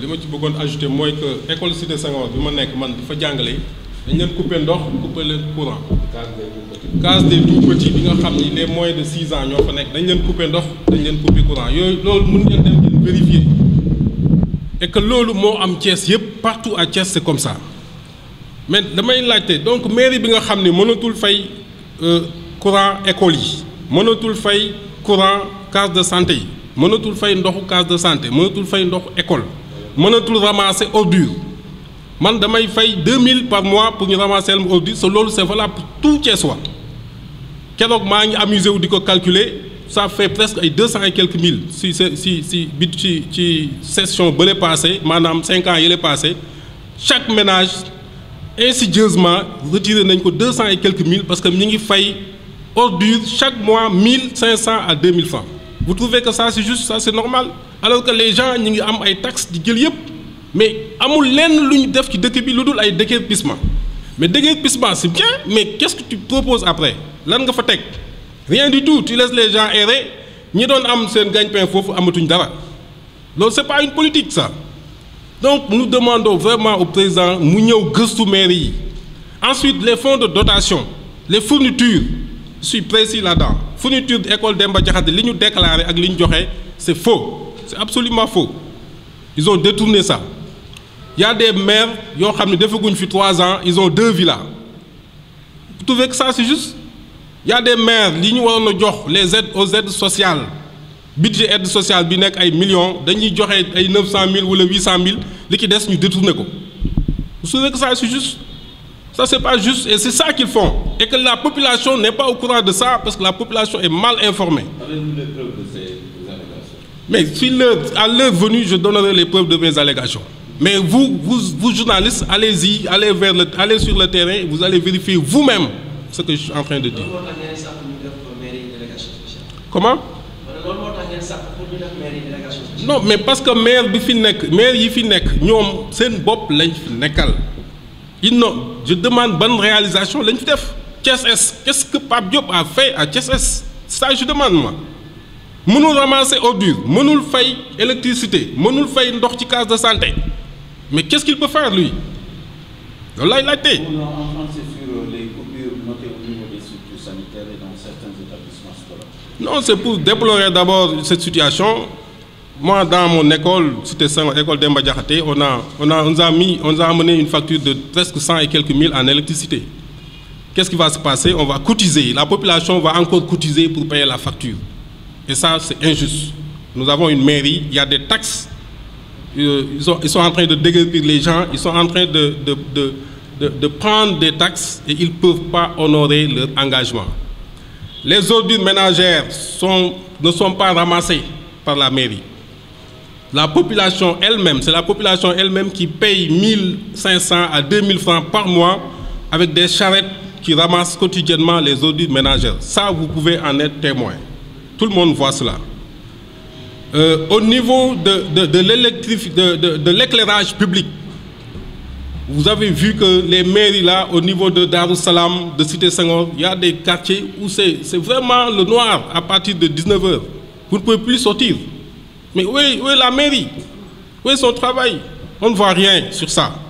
li ma ci bëggoon ajouter mooy que école Cité Senghor bi ma nekk man dafa jàngale leen couper ndox couper leen courant. case des tout petits bi nga xam ni les moins de six ans ñoo fa nekk dañ leen couper ndox dañ leen couper courant yooyu loolu mën ngeen dem ngeen vérifier et que loolu moo am Thiès yëpp partout à Thiès c'est comme ça mais damay laajte donc mairie bi nga xam ni mënatul fay euh, courant école yi mënatul fay courant case de santé yi mënatul fay ndoxu case de santé mënatul fay ndoxu école. mënatul ramasser ordure man damay fay 2000 par mois pour ñu ramasser ordure sa loolu c'est valable pour tout Thiessois keroog maa ngi amusé wu di ko calculer ça fait presque ay deux cent et quelques mille si si bi ci ci session bële passé maanaam cinquant ans yële passé chaque ménage insidieusement retiré nañ ko deux cent et parce que ñu ngi fay ordure chaque mois mille cinq cent deux mille francs vous trouvez que ça c'est juste ça c'est normal alors que les gens ñu ngi am ay tax di jël yëpp mais amul lenn lu ñu def ci dëkk bi lu dul ay déguerpissement mais déguerpissement c'est bien mais qu'est-ce que tu proposes après lan nga fa teg rien du tout ti les les gens errer ñi doon am seen gagne-pain foofu amatuñ dara loolu c'est pas une politique sax donc mu nous demandons vraiment au président mu ñëw gëstu mairie yi ensuite les fonds de dotation les fournitures je suis précis là-dedans fourniture école Demba Diakhaté li ñu déclaré ak li ñu joxe c'est faux c'est absolument faux ils ont détourné sax il y des maires yoo xam ne defaguñ fi trois ans ils deux villa vous trouvez que ça c'est juste des maires li ñu waroon jox les aides aux aides sociales budget aide sociale bi nekk ay million dañuy joxe ay neuf cent mille wala huit cent mille li ci des ñu détourné ko Ça, c'est pas juste et c'est ça qu'ils font. Et que la population n'est pas au courant de ça parce que la population est mal informée. Mais si leur, à l'heure venue, je donnerai les preuves de mes allégations. Mais vous, vous, vous journalistes, allez-y, allez, vers le, sur le terrain, vous allez vérifier vous-même ce que je suis en train de dire. Comment Non, mais parce que maire bi fi nekk maire yi fi nekk ñoom seen bopp lañ nekkal. non je demande bonne réalisation lañ fi def Thiès-Est ce que Pape Diop a fait à Thiès-Est ça je demande moi mënul ramasser eau dure mënul fay électricité mënul fay ndox ci case de santé mais qu'est-ce qu'il peut faire lui loolu laay laajtee. Euh, non c'est pour déplorer d'abord cette situation Moi, dans mon école, c'était l'école d'Emba on a, on, a, on, nous a mis, on nous a amené une facture de presque 100 et quelques mille en électricité. Qu'est-ce qui va se passer On va cotiser. La population va encore cotiser pour payer la facture. Et ça, c'est injuste. Nous avons une mairie, il y a des taxes. Euh, ils, sont, ils sont en train de déguerpir les gens, ils sont en train de, de, de, de prendre des taxes et ils ne peuvent pas honorer leur engagement. Les ordures ménagères sont, ne sont pas ramassées par la mairie. la population elle-même, c'est la population elle-même qui paye 1500 à 2000 francs par mois avec des charrettes qui ramassent quotidiennement les ordures ménagères. Ça, vous pouvez en être témoin. Tout le monde voit cela. Euh, au niveau de, de, de l'éclairage de, de, public, vous avez vu que les mairies là, au niveau de Darussalam, de Cité Senghor, il y a des quartiers où c'est vraiment le noir à partir de 19h. Vous ne pouvez plus sortir. Mais où est, où est la mairie Où est son travail On ne voit rien sur ça.